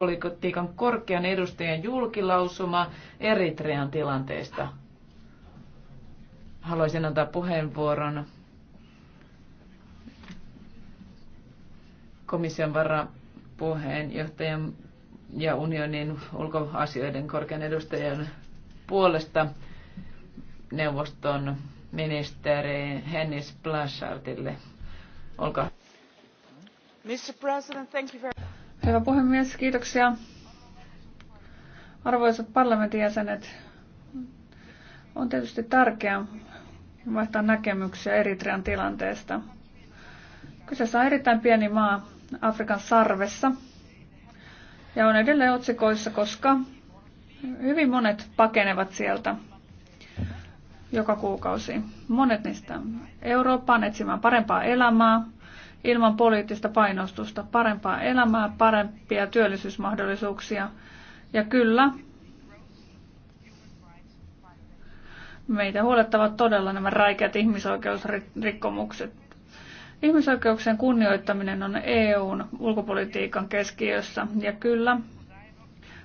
ulkopolitiikan korkean edustajan julkilausuma Eritrean tilanteesta. Haluaisin antaa puheenvuoron komission varapuheenjohtajan ja unionin ulkoasioiden korkean edustajan puolesta neuvoston ministeri Hennis Blashardille. Olkaa Mr. President, thank you very much. Hyvä puhemies, kiitoksia. Arvoisat parlamentin jäsenet, on tietysti tärkeää vaihtaa näkemyksiä Eritrean tilanteesta. Kyseessä on erittäin pieni maa Afrikan sarvessa ja on edelleen otsikoissa, koska hyvin monet pakenevat sieltä joka kuukausi. Monet niistä Eurooppaan etsimään parempaa elämää, ilman poliittista painostusta, parempaa elämää, parempia työllisyysmahdollisuuksia. Ja kyllä, meitä huolettavat todella nämä räikeät ihmisoikeusrikkomukset. Ihmisoikeuksien kunnioittaminen on EUn ulkopolitiikan keskiössä ja kyllä,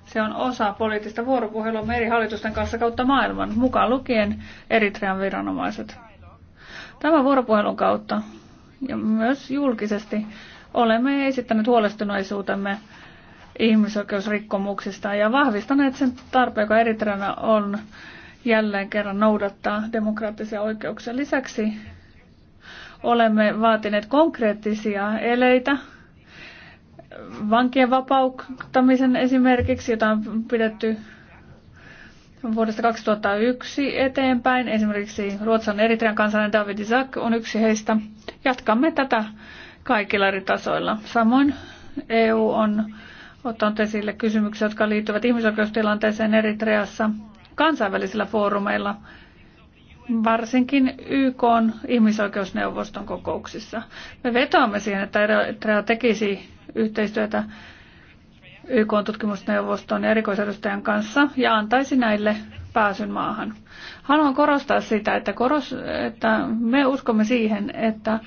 se on osa poliittista vuoropuhelua eri hallitusten kanssa kautta maailman, mukaan lukien Eritrean viranomaiset. Tämän vuoropuhelun kautta ja myös julkisesti olemme esittäneet huolestuneisuutemme ihmisoikeusrikkomuksista ja vahvistaneet sen tarpeen, joka Eritreana on jälleen kerran noudattaa demokraattisia oikeuksia. Lisäksi olemme vaatineet konkreettisia eleitä vankien vapauttamisen esimerkiksi, jota on pidetty vuodesta 2001 eteenpäin. Esimerkiksi Ruotsan Eritrean kansalainen David Isaac on yksi heistä. Jatkamme tätä kaikilla eri tasoilla. Samoin EU on ottanut esille kysymyksiä, jotka liittyvät ihmisoikeustilanteeseen Eritreassa kansainvälisillä foorumeilla, varsinkin YK on ihmisoikeusneuvoston kokouksissa. Me vetoamme siihen, että Eritrea tekisi yhteistyötä YK tutkimusneuvoston ja erikoisedustajan kanssa ja antaisi näille pääsyn maahan. Haluan korostaa sitä, että, koros, että me uskomme siihen, että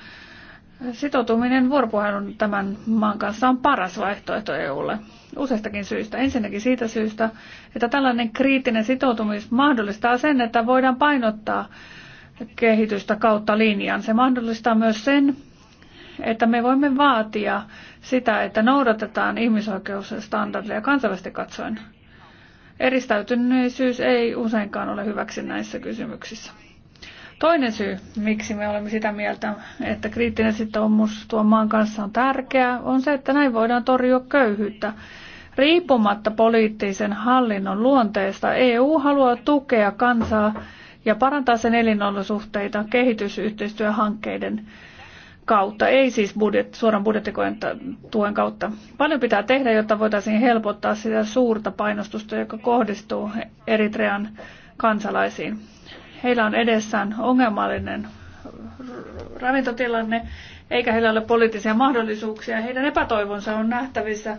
sitoutuminen vuoropuhelun tämän maan kanssa on paras vaihtoehto EUlle useistakin syistä. Ensinnäkin siitä syystä, että tällainen kriittinen sitoutumis mahdollistaa sen, että voidaan painottaa kehitystä kautta linjan. Se mahdollistaa myös sen, että me voimme vaatia sitä, että noudatetaan ihmisoikeusstandardeja kansallisesti katsoen. Eristäytyneisyys ei useinkaan ole hyväksi näissä kysymyksissä. Toinen syy, miksi me olemme sitä mieltä, että kriittinen sitoumus tuon maan kanssa on tärkeää, on se, että näin voidaan torjua köyhyyttä. Riippumatta poliittisen hallinnon luonteesta, EU haluaa tukea kansaa ja parantaa sen elinolosuhteita kehitysyhteistyöhankkeiden kautta, ei siis budjet, suoran budjettikojen tuen kautta. Paljon pitää tehdä, jotta voitaisiin helpottaa sitä suurta painostusta, joka kohdistuu Eritrean kansalaisiin. Heillä on edessään ongelmallinen ravintotilanne, eikä heillä ole poliittisia mahdollisuuksia. Heidän epätoivonsa on nähtävissä,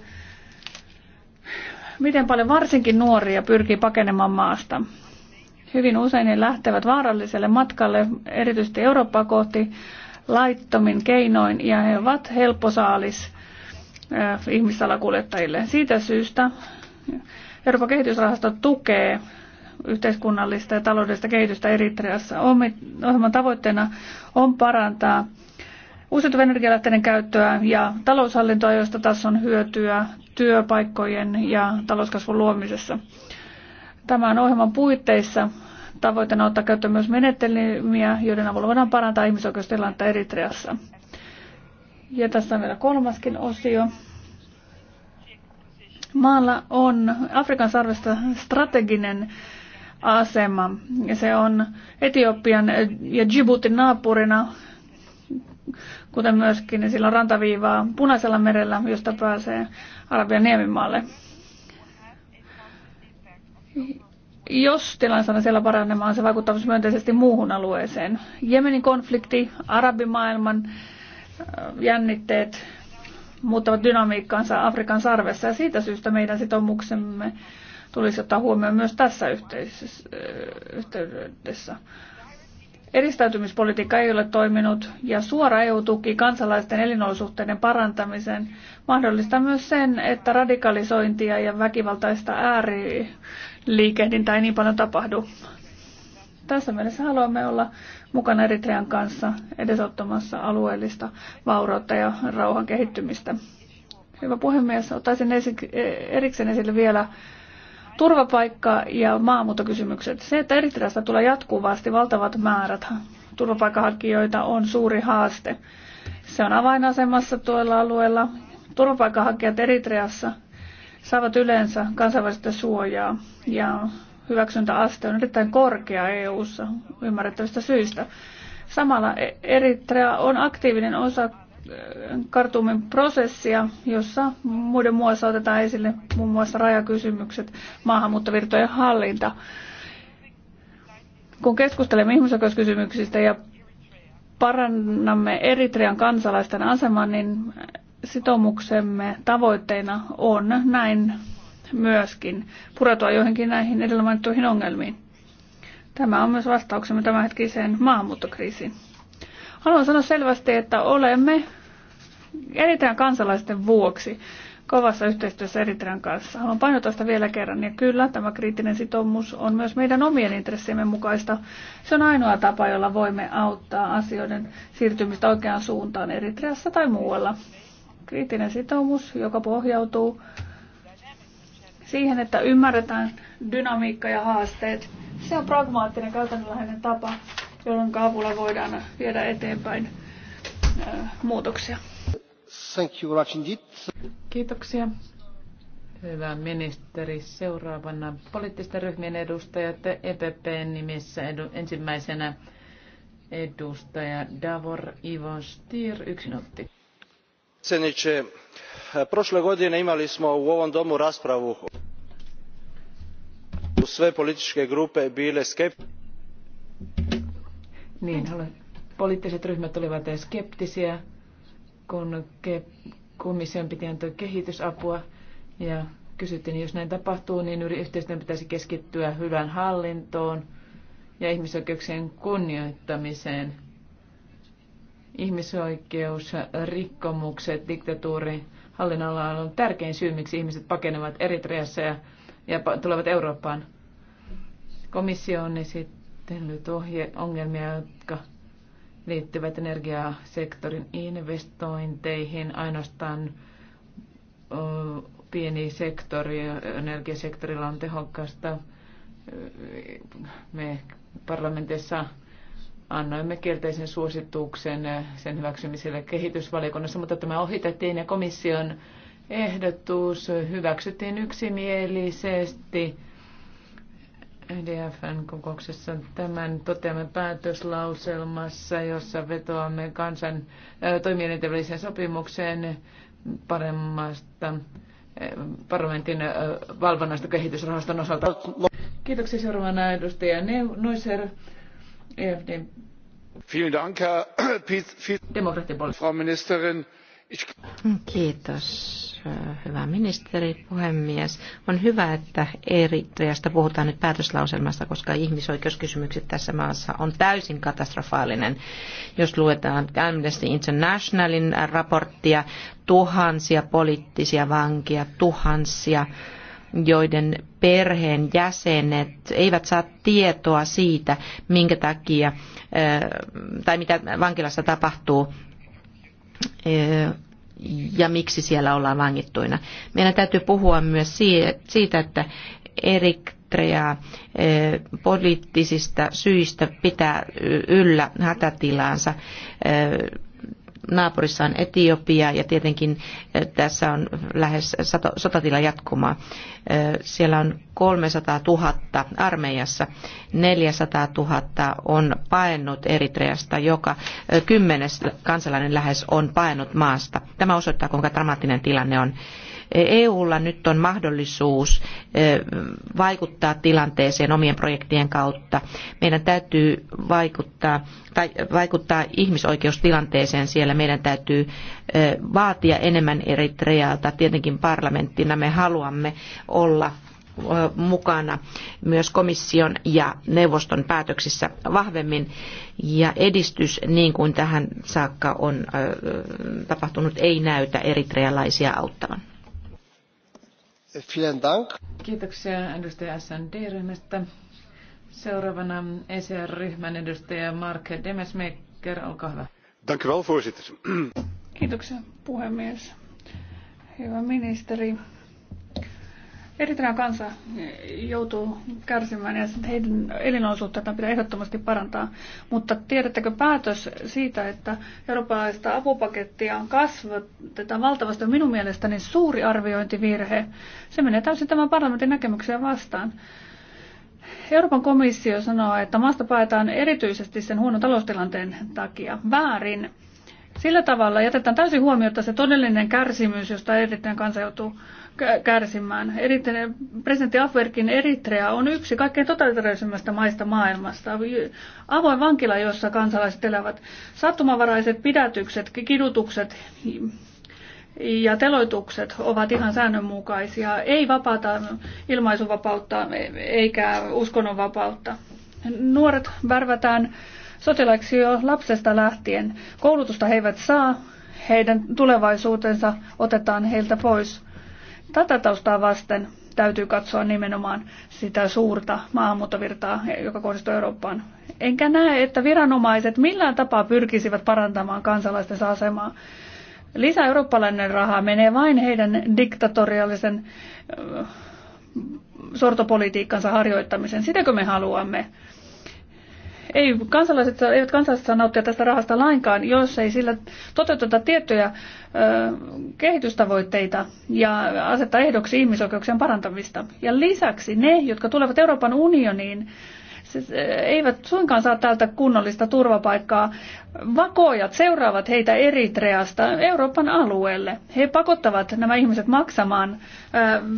miten paljon varsinkin nuoria pyrkii pakenemaan maasta. Hyvin usein he lähtevät vaaralliselle matkalle, erityisesti Eurooppaa kohti, laittomin keinoin ja he ovat helposaalis ihmissalakuljettajille. Siitä syystä Euroopan kehitysrahasto tukee yhteiskunnallista ja taloudellista kehitystä Eritreassa. Ohjelman tavoitteena on parantaa uusiutuvien energialähteiden käyttöä ja taloushallintoa, josta taas on hyötyä työpaikkojen ja talouskasvun luomisessa. Tämän ohjelman puitteissa Tavoitteena on ottaa käyttöön myös menetelmiä, joiden avulla voidaan parantaa ihmisoikeustilannetta Eritreassa. Ja tässä on vielä kolmaskin osio. Maalla on Afrikan sarvesta strateginen asema. Ja se on Etiopian ja Djiboutin naapurina, kuten myöskin sillä on rantaviivaa punaisella merellä, josta pääsee Arabian niemimaalle jos tilanne saadaan siellä paranemaan, se vaikuttaa myös myönteisesti muuhun alueeseen. Jemenin konflikti, arabimaailman äh, jännitteet muuttavat dynamiikkaansa Afrikan sarvessa ja siitä syystä meidän sitoumuksemme tulisi ottaa huomioon myös tässä äh, yhteydessä. Eristäytymispolitiikka ei ole toiminut ja suora EU-tuki kansalaisten elinolosuhteiden parantamiseen mahdollistaa myös sen, että radikalisointia ja väkivaltaista ääri liikehdintä ei niin paljon tapahdu. Tässä mielessä haluamme olla mukana Eritrean kanssa edesottamassa alueellista vaurautta ja rauhan kehittymistä. Hyvä puhemies, ottaisin erikseen esille vielä turvapaikka- ja maahanmuuttokysymykset. Se, että Eritreasta tulee jatkuvasti valtavat määrät turvapaikanhakijoita, on suuri haaste. Se on avainasemassa tuolla alueella. Turvapaikanhakijat Eritreassa saavat yleensä kansainvälistä suojaa ja hyväksyntäaste on erittäin korkea EU-ssa ymmärrettävistä syistä. Samalla Eritrea on aktiivinen osa äh, Kartumin prosessia, jossa muiden muassa otetaan esille muun muassa rajakysymykset, maahanmuuttovirtojen hallinta. Kun keskustelemme ihmisoikeuskysymyksistä ja parannamme Eritrean kansalaisten aseman, niin sitoumuksemme tavoitteena on näin myöskin pureutua joihinkin näihin edellä mainittuihin ongelmiin. Tämä on myös vastauksemme tämänhetkiseen maahanmuuttokriisiin. Haluan sanoa selvästi, että olemme Eritrean kansalaisten vuoksi kovassa yhteistyössä Eritrean kanssa. Haluan painottaa sitä vielä kerran. Ja kyllä, tämä kriittinen sitoumus on myös meidän omien intressiemme mukaista. Se on ainoa tapa, jolla voimme auttaa asioiden siirtymistä oikeaan suuntaan Eritreassa tai muualla kriittinen sitoumus, joka pohjautuu siihen, että ymmärretään dynamiikka ja haasteet. Se on pragmaattinen käytännönläheinen tapa, jolloin kaavulla voidaan viedä eteenpäin äh, muutoksia. Thank you much indeed. Kiitoksia. Hyvä ministeri. Seuraavana poliittisten ryhmien edustajat EPPn nimissä edu, ensimmäisenä edustaja Davor Ivo Stier, yksi minuutti predsjednie prole godine imali smo u ovom domu raspravu o izvjeu sve politike grupe bile skeptine. Niin, kun komission piti antaa kehitysapua ja kysyttiin, jos näin tapahtuu, niin yhteistyön pitäisi keskittyä hyvään hallintoon ja ihmisoikeuksien kunnioittamiseen ihmisoikeusrikkomukset, diktatuuri, hallinnolla on tärkein syy, miksi ihmiset pakenevat Eritreassa ja, ja tulevat Eurooppaan. Komissio on esittänyt ohje, ongelmia, jotka liittyvät energiasektorin investointeihin. Ainoastaan pieni sektori, energiasektorilla on tehokkaasta. Me parlamentissa annoimme kielteisen suosituksen sen hyväksymiselle kehitysvaliokunnassa, mutta tämä ohitettiin ja komission ehdotus hyväksyttiin yksimielisesti EDFn kokouksessa tämän toteamme päätöslauselmassa, jossa vetoamme kansan toimielinten sopimukseen paremmasta parlamentin valvonnasta kehitysrahaston osalta. Kiitoksia seuraavana edustaja Neusser. E Frau Ministerin. Kiitos, äh, hyvä ministeri, puhemies. On hyvä, että Eritreasta puhutaan nyt päätöslauselmasta, koska ihmisoikeuskysymykset tässä maassa on täysin katastrofaalinen. Jos luetaan Amnesty Internationalin raporttia, tuhansia poliittisia vankia, tuhansia joiden perheen jäsenet eivät saa tietoa siitä, minkä takia tai mitä vankilassa tapahtuu ja miksi siellä ollaan vangittuina. Meidän täytyy puhua myös siitä, että Eritreaa poliittisista syistä pitää yllä hätätilaansa naapurissa on Etiopia ja tietenkin eh, tässä on lähes sotatila jatkumaa. Eh, siellä on 300 000 armeijassa, 400 000 on paennut Eritreasta, joka eh, kymmenes kansalainen lähes on paennut maasta. Tämä osoittaa, kuinka dramaattinen tilanne on EUlla nyt on mahdollisuus vaikuttaa tilanteeseen omien projektien kautta. Meidän täytyy vaikuttaa, tai vaikuttaa ihmisoikeustilanteeseen siellä. Meidän täytyy vaatia enemmän Eritrealta. Tietenkin parlamenttina me haluamme olla mukana myös komission ja neuvoston päätöksissä vahvemmin. Ja edistys, niin kuin tähän saakka on tapahtunut, ei näytä eritrealaisia auttavan. Vielen Dank. Kiitoksia edustaja SND-ryhmästä. Seuraavana ECR-ryhmän edustaja Mark Demesmaker, olkaa hyvä. Dank u wel, voorzitter. Kiitoksia, puhemies. Hyvä ministeri. Eritrean kansa joutuu kärsimään ja heidän elinolosuhteita pitää ehdottomasti parantaa. Mutta tiedättekö päätös siitä, että eurooppalaista apupakettia kasvatetaan valtavasti on minun mielestäni suuri arviointivirhe. Se menee täysin tämän parlamentin näkemyksiä vastaan. Euroopan komissio sanoo, että maasta paetaan erityisesti sen huonon taloustilanteen takia. Väärin. Sillä tavalla jätetään täysin huomiota se todellinen kärsimys, josta erittäin kansa joutuu kärsimään. Erittäin, presidentti Afwerkin Eritrea on yksi kaikkein totalitarisemmasta maista maailmasta. Avoin vankila, jossa kansalaiset elävät. Sattumavaraiset pidätykset, kidutukset ja teloitukset ovat ihan säännönmukaisia. Ei vapaata ilmaisuvapautta eikä uskonnonvapautta. Nuoret värvätään sotilaiksi jo lapsesta lähtien. Koulutusta he eivät saa, heidän tulevaisuutensa otetaan heiltä pois. Tätä taustaa vasten täytyy katsoa nimenomaan sitä suurta maahanmuuttovirtaa, joka kohdistuu Eurooppaan. Enkä näe, että viranomaiset millään tapaa pyrkisivät parantamaan kansalaisten asemaa. Lisä-eurooppalainen raha menee vain heidän diktatorialisen sortopolitiikkansa harjoittamisen. Sitäkö me haluamme? ei kansalaiset, eivät kansalaiset saa nauttia tästä rahasta lainkaan, jos ei sillä toteuteta tiettyjä ö, kehitystavoitteita ja asettaa ehdoksi ihmisoikeuksien parantamista. Ja lisäksi ne, jotka tulevat Euroopan unioniin, siis eivät suinkaan saa täältä kunnollista turvapaikkaa. Vakoojat seuraavat heitä Eritreasta Euroopan alueelle. He pakottavat nämä ihmiset maksamaan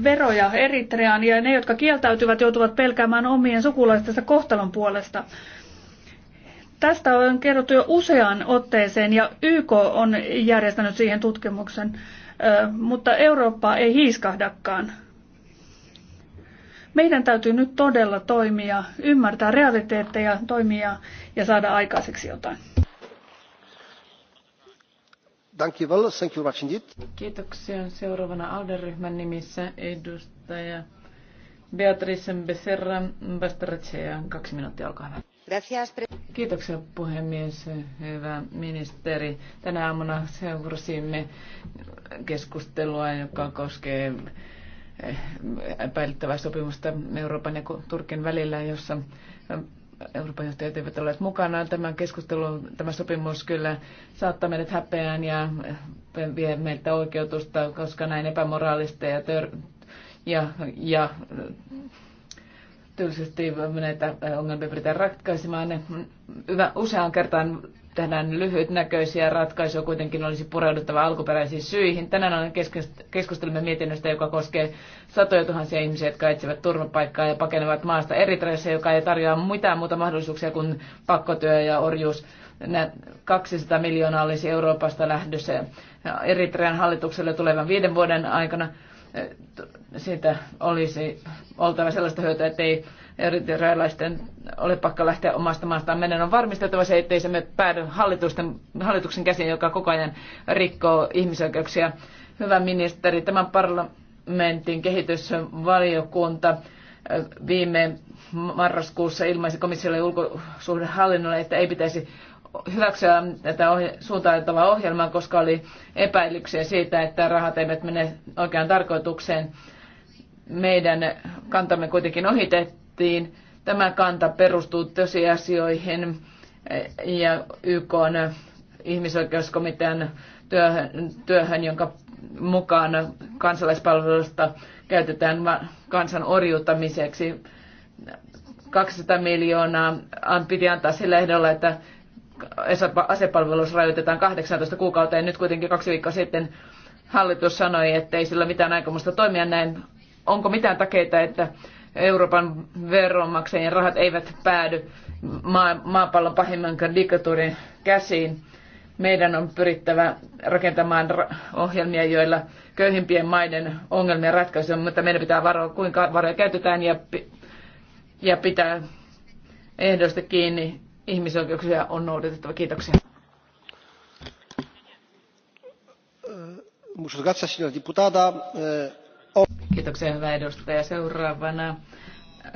veroja Eritreaan ja ne, jotka kieltäytyvät, joutuvat pelkäämään omien sukulaistensa kohtalon puolesta. Tästä on kerrottu jo useaan otteeseen ja YK on järjestänyt siihen tutkimuksen, mutta Eurooppaa ei hiiskahdakaan. Meidän täytyy nyt todella toimia, ymmärtää realiteetteja, toimia ja saada aikaiseksi jotain. Kiitoksia. Seuraavana alderyhmän nimissä edustaja Beatrice Becerra Bastarchea. Kaksi minuuttia, olkaa hyvä. Kiitoksia puhemies. Hyvä ministeri. Tänä aamuna seurasimme keskustelua, joka koskee eh, epäilyttävää sopimusta Euroopan ja Turkin välillä, jossa eh, Euroopan johtajat eivät ole mukana. Tämän keskustelun, tämä sopimus kyllä saattaa meidät häpeään ja eh, vie meiltä oikeutusta, koska näin epämoraalista ja, tör- ja, ja tylsästi näitä ongelmia pyritään ratkaisemaan. Mm, useaan kertaan tehdään lyhytnäköisiä ratkaisuja, kuitenkin olisi pureuduttava alkuperäisiin syihin. Tänään on keskustelemme mietinnöstä, joka koskee satoja tuhansia ihmisiä, jotka etsivät turvapaikkaa ja pakenevat maasta Eritreassa, joka ei tarjoa mitään muuta mahdollisuuksia kuin pakkotyö ja orjuus. 200 miljoonaa olisi Euroopasta lähdössä Eritrean hallitukselle tulevan viiden vuoden aikana siitä olisi oltava sellaista hyötyä, että ei erityislaisten ole pakko lähteä omasta maastaan menen. On varmistettava se, ettei se me päädy hallituksen käsiin, joka koko ajan rikkoo ihmisoikeuksia. Hyvä ministeri, tämän parlamentin kehitysvaliokunta viime marraskuussa ilmaisi komissiolle ja ulkosuhdehallinnolle, että ei pitäisi hyväksyä tätä ohje- suuntaantavaa ohjelmaa, koska oli epäilyksiä siitä, että rahat eivät mene oikeaan tarkoitukseen. Meidän kantamme kuitenkin ohitettiin. Tämä kanta perustuu tosiasioihin eh, ja YK on ihmisoikeuskomitean työhön, työhön jonka mukaan kansalaispalvelusta käytetään kansan orjuuttamiseksi. 200 miljoonaa piti antaa sillä ehdolla, että asepalvelus rajoitetaan 18 kuukauteen. Nyt kuitenkin kaksi viikkoa sitten hallitus sanoi, että ei sillä mitään aikomusta toimia näin. Onko mitään takeita, että Euroopan veronmaksajien rahat eivät päädy maa, maapallon pahimman diktatuurin käsiin? Meidän on pyrittävä rakentamaan ohjelmia, joilla köyhimpien maiden ongelmia ratkaisuja, mutta meidän pitää varoa, kuinka varoja käytetään ja, ja pitää ehdoista kiinni ihmisoikeuksia on noudatettava. Kiitoksia. E, Kiitoksia hyvä edustaja. Seuraavana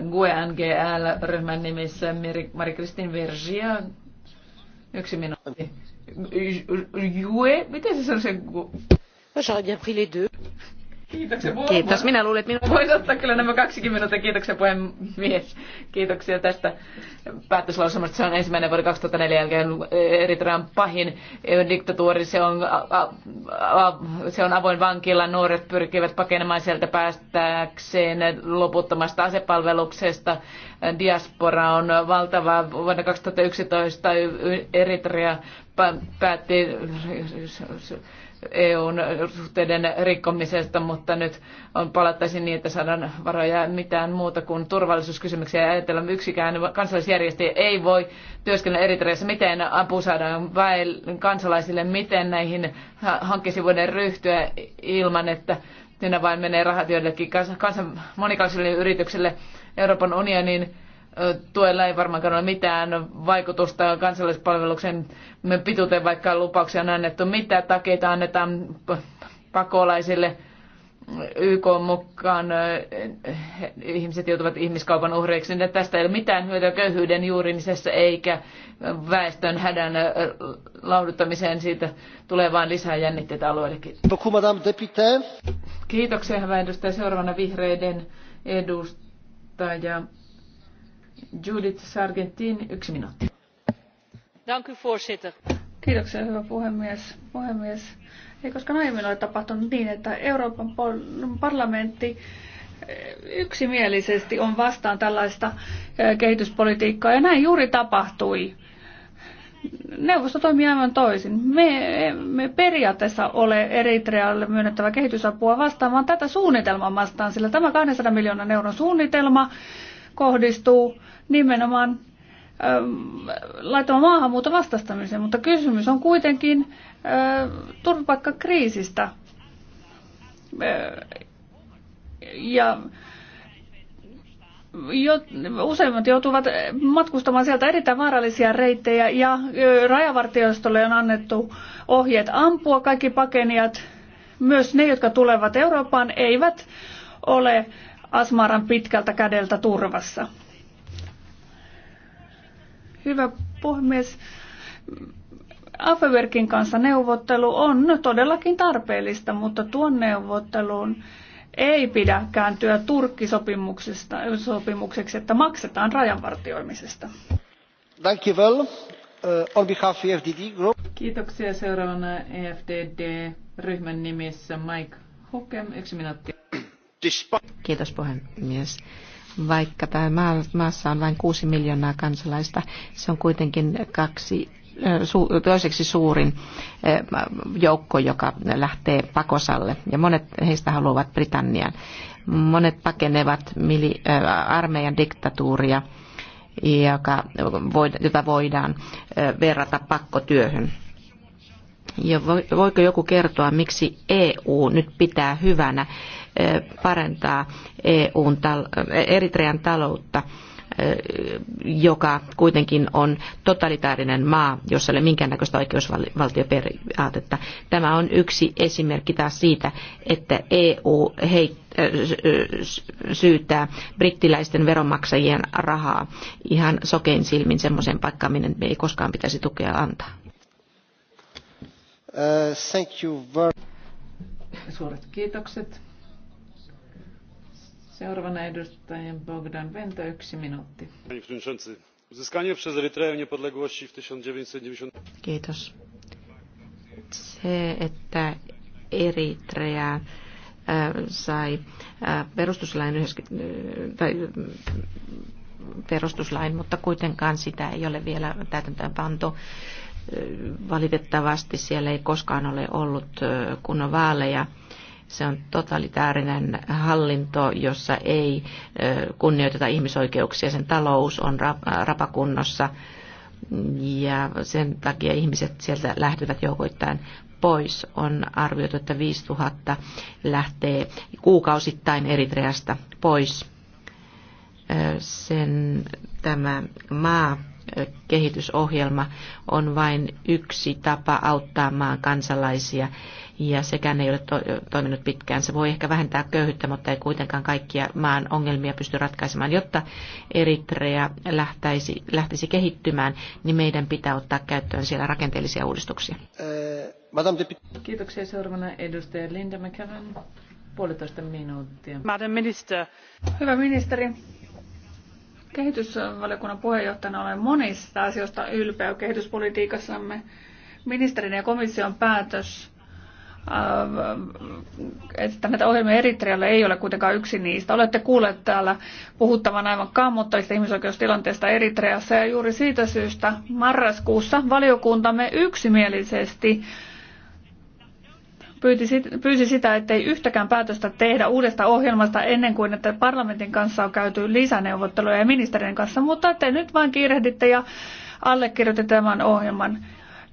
GUE-NGL-ryhmän nimissä Mari-Kristin Vergia. Yksi minuutti. GUE? Miten se on se GUE? J'aurais bien pris les deux. Kiitoksia. Voi, Kiitos. Minä luulin, että minä voin ottaa kyllä nämä 20 minuuttia. Kiitoksia puhemies. Kiitoksia tästä päätöslausumasta. Se on ensimmäinen vuoden 2004 jälkeen eh, Eritrean pahin eh, diktatuuri. Se on, a, a, a, se on avoin vankila. Nuoret pyrkivät pakenemaan sieltä päästäkseen loputtomasta asepalveluksesta. Diaspora on valtava. Vuonna 2011 Eritrea päätti EUn suhteiden rikkomisesta, mutta nyt on palattaisiin niin, että saadaan varoja mitään muuta kuin turvallisuuskysymyksiä. Ajatellaan yksikään kansalaisjärjestö ei voi työskennellä Eritreassa. Miten apu saadaan kansalaisille, miten näihin hankkeisiin voidaan ryhtyä ilman, että siinä vain menee rahat joillekin kansan, monikansallisille yritykselle Euroopan unionin tuella ei varmaankaan ole mitään vaikutusta kansallispalveluksen pituuteen, vaikka lupauksia on annettu. Mitä takeita annetaan pakolaisille? YK mukaan ihmiset joutuvat ihmiskaupan uhreiksi, niin tästä ei ole mitään hyötyä köyhyyden juurimisessa eikä väestön hädän lauduttamiseen. Siitä tulee vain lisää jännitteitä alueellekin. Kiitoksia, hyvä edustaja. Seuraavana vihreiden edustaja. Judith Sargentin, yksi minuutti. Dank u, voorzitter. Kiitoksia, hyvä puhemies. puhemies. Ei koskaan aiemmin ole tapahtunut niin, että Euroopan parlamentti eh, yksimielisesti on vastaan tällaista eh, kehityspolitiikkaa, ja näin juuri tapahtui. Neuvosto toimii aivan toisin. Me emme periaatteessa ole Eritrealle myönnettävä kehitysapua vastaan, vaan tätä suunnitelmaa vastaan, sillä tämä 200 miljoonan euron suunnitelma kohdistuu nimenomaan ähm, laitoon maahanmuuton vastastamiseen, mutta kysymys on kuitenkin äh, turvapaikkakriisistä. Äh, ja jo, useimmat joutuvat matkustamaan sieltä erittäin vaarallisia reittejä ja rajavartiostolle on annettu ohjeet ampua kaikki pakenijat. Myös ne, jotka tulevat Eurooppaan, eivät ole Asmaran pitkältä kädeltä turvassa. Hyvä puhemies. Afewerkin kanssa neuvottelu on todellakin tarpeellista, mutta tuon neuvotteluun ei pidä kääntyä turkkisopimukseksi, että maksetaan rajanvartioimisesta. Thank you well. Uh, on behalf of EFDD group. Kiitoksia seuraavana EFDD-ryhmän nimissä Mike Hukem, yksi minuutti. Kiitos puhemies. Vaikka maassa on vain kuusi miljoonaa kansalaista, se on kuitenkin kaksi toiseksi suurin joukko, joka lähtee pakosalle. Ja monet heistä haluavat Britannian. Monet pakenevat armeijan diktatuuria, jota voidaan verrata pakkotyöhön ja voiko joku kertoa, miksi EU nyt pitää hyvänä parantaa EUn, Eritrean taloutta, joka kuitenkin on totalitaarinen maa, jossa ei ole minkäännäköistä oikeusvaltioperiaatetta. Tämä on yksi esimerkki taas siitä, että EU heittää syytää brittiläisten veronmaksajien rahaa ihan sokein silmin semmoiseen paikkaan, minne me ei koskaan pitäisi tukea antaa. Uh, thank you very... Suuret kiitokset. Seuraavana edustajan Bogdan Venta, yksi minuutti. Uzyskanie przez Erytreę niepodległości w 1990... Kiitos. Se, että Eritrea e, sai e, perustuslain, e, tai perustuslain, mutta kuitenkaan sitä ei ole vielä täytäntöön pantu. Valitettavasti siellä ei koskaan ole ollut kunnon vaaleja. Se on totalitaarinen hallinto, jossa ei kunnioiteta ihmisoikeuksia. Sen talous on rapakunnossa ja sen takia ihmiset sieltä lähtevät joukoittain pois. On arvioitu, että 5000 lähtee kuukausittain Eritreasta pois. Sen tämä maa kehitysohjelma on vain yksi tapa auttaa maan kansalaisia ja sekään ei ole to- toiminut pitkään. Se voi ehkä vähentää köyhyyttä, mutta ei kuitenkaan kaikkia maan ongelmia pysty ratkaisemaan. Jotta Eritrea lähtäisi, lähtisi kehittymään, niin meidän pitää ottaa käyttöön siellä rakenteellisia uudistuksia. Äh, Kiitoksia seuraavana edustaja Linda McCavan. Puolitoista minuuttia. Madam Minister. Hyvä ministeri Kehitysvaliokunnan puheenjohtajana olen monista asioista ylpeä kehityspolitiikassamme. Ministerin ja komission päätös äh, että näitä ohjelmia Eritrealle ei ole kuitenkaan yksi niistä. Olette kuulleet täällä puhuttavan aivan kammottavista ihmisoikeustilanteista Eritreassa ja juuri siitä syystä marraskuussa valiokuntamme yksimielisesti pyysi sitä, ettei yhtäkään päätöstä tehdä uudesta ohjelmasta ennen kuin, että parlamentin kanssa on käyty lisäneuvotteluja ja ministerien kanssa, mutta te nyt vain kiirehditte ja allekirjoititte tämän ohjelman.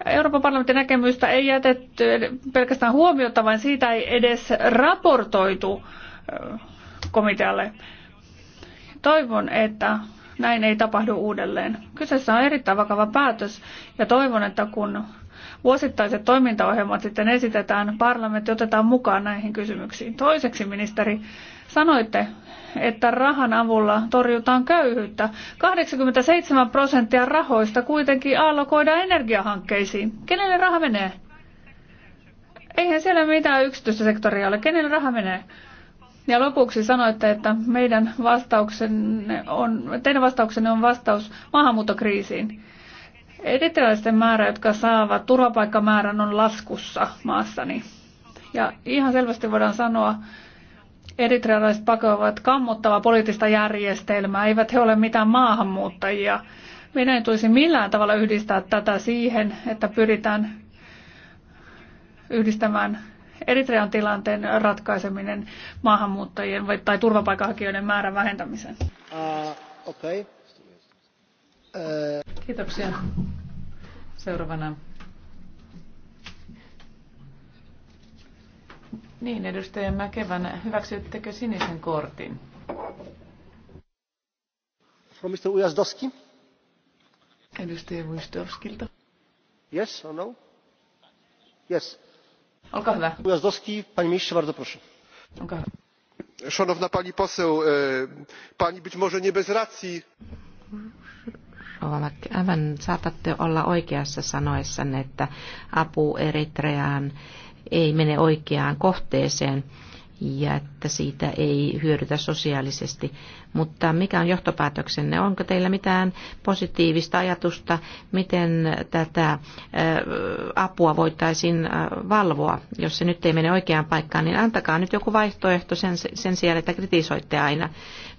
Euroopan parlamentin näkemystä ei jätetty pelkästään huomiota, vaan siitä ei edes raportoitu komitealle. Toivon, että näin ei tapahdu uudelleen. Kyseessä on erittäin vakava päätös ja toivon, että kun vuosittaiset toimintaohjelmat sitten esitetään, parlamentti otetaan mukaan näihin kysymyksiin. Toiseksi, ministeri, sanoitte, että rahan avulla torjutaan köyhyyttä. 87 prosenttia rahoista kuitenkin allokoidaan energiahankkeisiin. Kenelle raha menee? Eihän siellä mitään yksityistä sektoria ole. Kenelle raha menee? Ja lopuksi sanoitte, että meidän vastauksenne on, teidän vastauksenne on vastaus maahanmuuttokriisiin. Eteläisten määrä, jotka saavat turvapaikkamäärän, on laskussa maassani. Ja ihan selvästi voidaan sanoa, eritrealaiset pakovat kammottava poliittista järjestelmää, eivät he ole mitään maahanmuuttajia. Meidän ei tulisi millään tavalla yhdistää tätä siihen, että pyritään yhdistämään Eritrean tilanteen ratkaiseminen maahanmuuttajien tai turvapaikanhakijoiden määrän vähentämiseen. Uh, okay. Kiitoksia. Seuraavana. Niin, edustaja Mäkevän, hyväksyttekö sinisen kortin? From Mr. Ujazdowski. Edustaja Ujazdowskilta. Yes or no? Yes. Olkaa hyvä. Ujazdowski, pani ministrze, bardzo proszę. Olkaa hyvä. Szanowna pani poseł, e, pani być może nie bez racji Rova McAvan, saatatte olla oikeassa sanoessa, että apu Eritreaan ei mene oikeaan kohteeseen ja että siitä ei hyödytä sosiaalisesti mutta mikä on johtopäätöksenne? Onko teillä mitään positiivista ajatusta, miten tätä apua voitaisiin valvoa? Jos se nyt ei mene oikeaan paikkaan, niin antakaa nyt joku vaihtoehto sen, sen sijaan, että kritisoitte aina.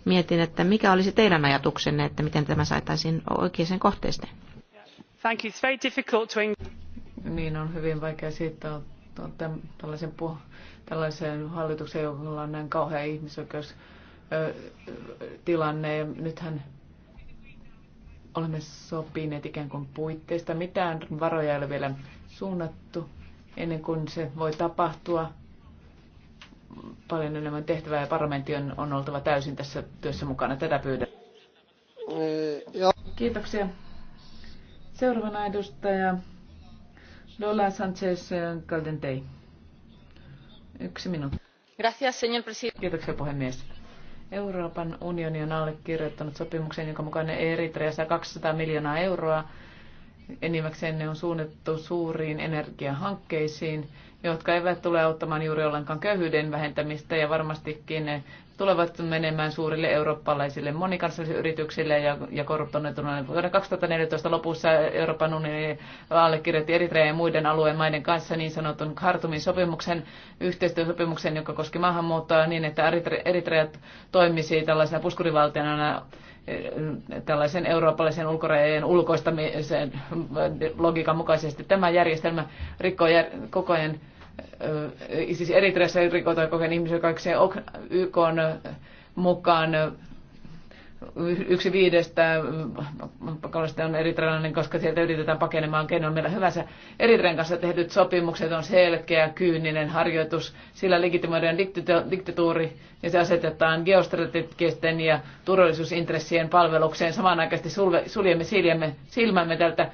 Mietin, että mikä olisi teidän ajatuksenne, että miten tämä saataisiin oikeaan kohteeseen? Thank you. It's very difficult to... Niin on hyvin vaikea siitä tällaisen, tällaisen hallituksen, jolla on näin kauhea ihmisoikeus tilanne. Nythän olemme sopineet ikään kuin puitteista. Mitään varoja ei ole vielä suunnattu ennen kuin se voi tapahtua. Paljon enemmän tehtävää ja parlamentti on, on oltava täysin tässä työssä mukana. Tätä pyydän. Kiitoksia. Seuraavana edustaja Lola Sanchez Caldentei. Yksi minuutti. Gracias, señor presidente. Kiitoksia puhemies Euroopan unioni on allekirjoittanut sopimuksen, jonka mukaan Eritrea saa 200 miljoonaa euroa. Enimmäkseen ne on suunnattu suuriin energiahankkeisiin, jotka eivät tule auttamaan juuri ollenkaan köyhyyden vähentämistä ja varmastikin ne tulevat menemään suurille eurooppalaisille monikansallisille yrityksille ja, ja korruptoituneille. Vuonna 2014 lopussa Euroopan unioni allekirjoitti Eritrean ja muiden alueen maiden kanssa niin sanotun Khartoumin sopimuksen, yhteistyösopimuksen, joka koski maahanmuuttoa niin, että Eritrea toimisi tällaisena puskurivaltiona eh, tällaisen eurooppalaisen ulkorajojen ulkoistamisen logiikan mukaisesti. Tämä järjestelmä rikkoo koko ajan siis Eritreassa rikotaan koko ajan ihmisoikeuksien YK mukaan yksi viidestä pakolaisista on eritrealainen, koska sieltä yritetään pakenemaan keinoin meillä hyvänsä. Eritrean kanssa tehdyt sopimukset on selkeä, kyyninen harjoitus. Sillä legitimoidaan diktatuuri ja se asetetaan geostrategisten ja turvallisuusintressien palvelukseen. Samanaikaisesti suljemme silmämme tältä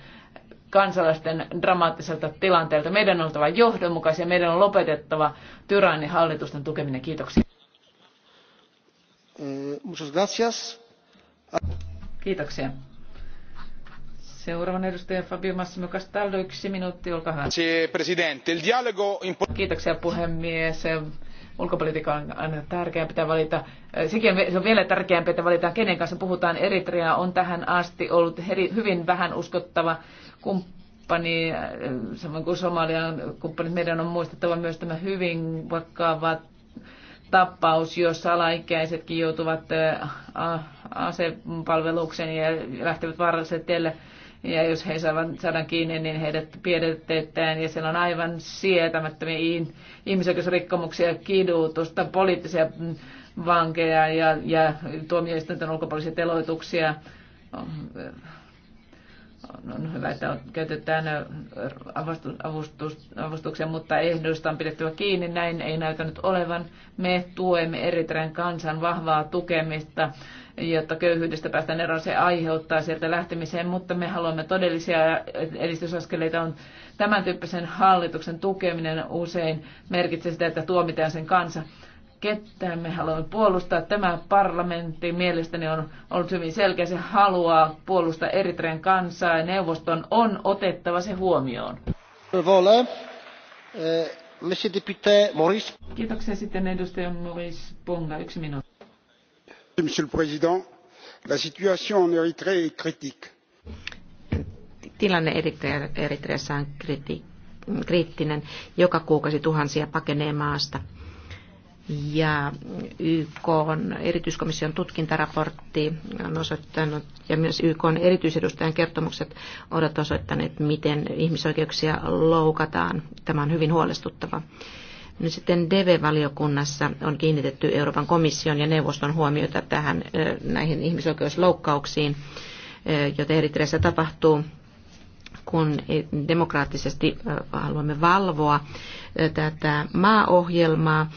kansalaisten dramaattiselta tilanteelta. Meidän on oltava johdonmukaisia, meidän on lopetettava tyranni hallitusten tukeminen. Kiitoksia. Mm, muchas gracias. Kiitoksia. Seuraavan edustajan Fabio Massimo Castaldo, yksi minuutti, olkaa hyvä. Presidente. Il dialogo... Kiitoksia puhemies. Ulkopolitiikka on aina tärkeää, pitää valita, sekin se on vielä tärkeämpää, että valitaan kenen kanssa puhutaan. Eritrea on tähän asti ollut hyvin vähän uskottava kumppani, samoin kuin Somalian kumppanit, meidän on muistettava myös tämä hyvin vakava tapaus, jossa alaikäisetkin joutuvat asepalvelukseen ja lähtevät vaaralliselle tielle. Ja jos he saadaan kiinni, niin heidät pidätetään. Ja siellä on aivan sietämättömiä ihmisoikeusrikkomuksia, kidutusta, poliittisia vankeja ja, ja tuomioistuinten ulkopuolisia teloituksia on no, no, hyvä, että käytetään avustuksia, mutta ehdoista on pidettävä kiinni. Näin ei näytänyt olevan. Me tuemme Eritrean kansan vahvaa tukemista, jotta köyhyydestä päästään eroon. Se aiheuttaa sieltä lähtemiseen, mutta me haluamme todellisia edistysaskeleita. On tämän tyyppisen hallituksen tukeminen usein merkitsee sitä, että tuomitaan sen kansa. Ketään me haluamme puolustaa. Tämä parlamentti mielestäni on ollut hyvin selkeä. Se haluaa puolustaa Eritrean kansaa ja neuvoston on otettava se huomioon. Eh, Kiitoksia sitten edustaja Maurice Ponga. Yksi minuutti. Monsieur le Président, la situation en Érythrée est critique. Tilanne Eritreassa on kriittinen. Joka kuukausi tuhansia pakenee maasta ja YK on erityiskomission tutkintaraportti on osoittanut, ja myös YK on erityisedustajan kertomukset ovat osoittaneet, miten ihmisoikeuksia loukataan. Tämä on hyvin huolestuttava. Nyt sitten DV-valiokunnassa on kiinnitetty Euroopan komission ja neuvoston huomiota tähän näihin ihmisoikeusloukkauksiin, joita Eritreassa tapahtuu kun demokraattisesti haluamme valvoa tätä maaohjelmaa,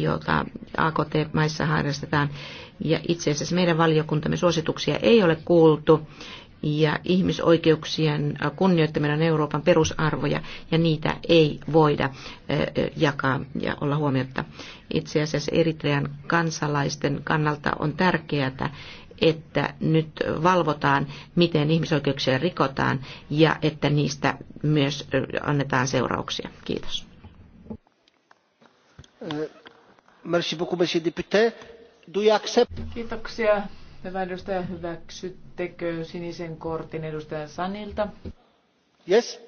jota AKT-maissa harrastetaan. Ja itse asiassa meidän valiokuntamme suosituksia ei ole kuultu ja ihmisoikeuksien kunnioittaminen on Euroopan perusarvoja ja niitä ei voida jakaa ja olla huomiota. Itse asiassa Eritrean kansalaisten kannalta on tärkeää, että nyt valvotaan, miten ihmisoikeuksia rikotaan ja että niistä myös annetaan seurauksia. Kiitos. Eh, Kiitoksia. Hyvä edustaja, hyväksyttekö sinisen kortin edustaja Sanilta? Yes.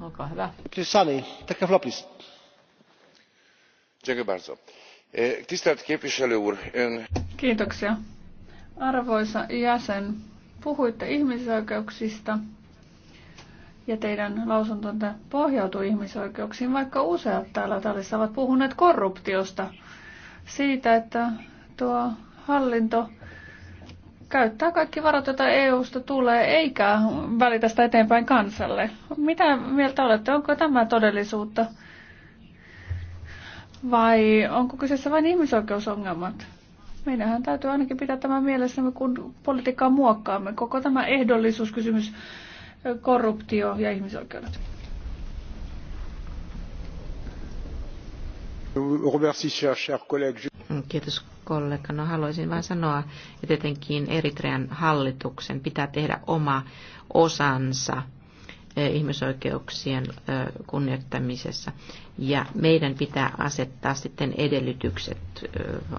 Olkaa hyvä. Sani, tekeflopis. Tisztelt képviselő úr, ön... Kiitoksia. Arvoisa jäsen, puhuitte ihmisoikeuksista, ja teidän lausuntonne pohjautuu ihmisoikeuksiin, vaikka useat täällä talissa ovat puhuneet korruptiosta. Siitä, että tuo hallinto käyttää kaikki varat, joita EUsta tulee, eikä välitä sitä eteenpäin kansalle. Mitä mieltä olette? Onko tämä todellisuutta? Vai onko kyseessä vain ihmisoikeusongelmat? Meidänhän täytyy ainakin pitää tämä mielessämme, kun politiikkaa muokkaamme. Koko tämä ehdollisuuskysymys korruptio ja ihmisoikeudet. Kiitos kollega. No, haluaisin vain sanoa, että tietenkin Eritrean hallituksen pitää tehdä oma osansa e, ihmisoikeuksien e, kunnioittamisessa. Ja meidän pitää asettaa sitten edellytykset e,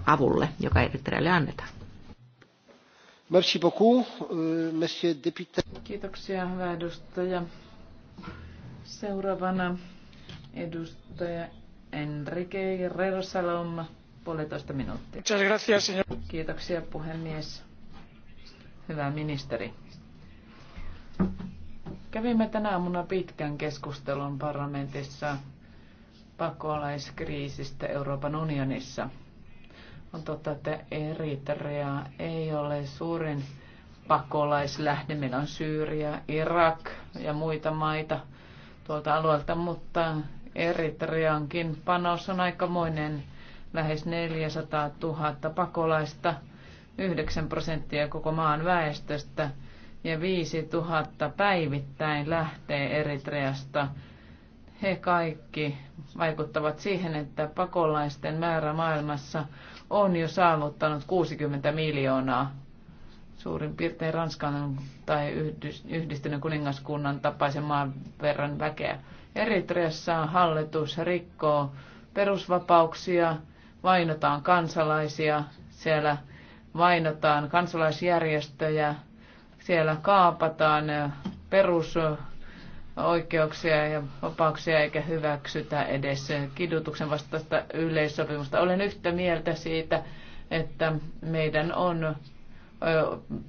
avulle, joka Eritrealle annetaan. Euh, Kiitoksia, hyvä edustaja. Seuraavana edustaja Enrique Guerrero salama puolitoista minuuttia. Kiitoksia, puhemies. Hyvä ministeri. Kävimme tänä aamuna pitkän keskustelun parlamentissa pakolaiskriisistä Euroopan unionissa – on totta, että Eritrea ei ole suurin pakolaislähde. Meillä on Syyria, Irak ja muita maita tuolta alueelta, mutta Eritreankin panos on aikamoinen. Lähes 400 000 pakolaista, 9 prosenttia koko maan väestöstä ja 5 000 päivittäin lähtee Eritreasta. He kaikki vaikuttavat siihen, että pakolaisten määrä maailmassa on jo saavuttanut 60 miljoonaa suurin piirtein Ranskan tai yhdistyneen kuningaskunnan tapaisen maan verran väkeä. Eritreassa hallitus rikkoo perusvapauksia, vainotaan kansalaisia, siellä vainotaan kansalaisjärjestöjä, siellä kaapataan perus oikeuksia ja vapauksia eikä hyväksytä edes kidutuksen vastaista yleissopimusta. Olen yhtä mieltä siitä, että meidän on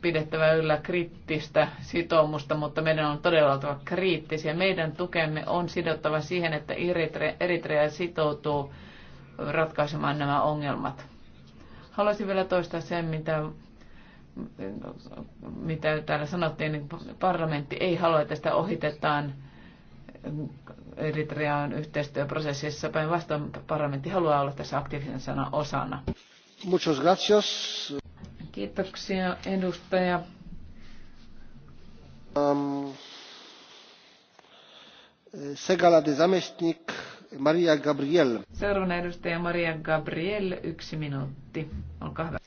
pidettävä yllä kriittistä sitoumusta, mutta meidän on todella oltava kriittisiä. Meidän tukemme on sidottava siihen, että Eritrea sitoutuu ratkaisemaan nämä ongelmat. Haluaisin vielä toistaa sen, mitä mitä täällä sanottiin, niin parlamentti ei halua, että sitä ohitetaan Eritrean yhteistyöprosessissa. Päinvastoin parlamentti haluaa olla tässä aktiivisena osana. Muchas gracias. Kiitoksia edustaja. Um, Segala de Zamestnik, Maria Gabriel. Seuraavana edustaja Maria Gabriel, yksi minuutti. Olkaa hyvä.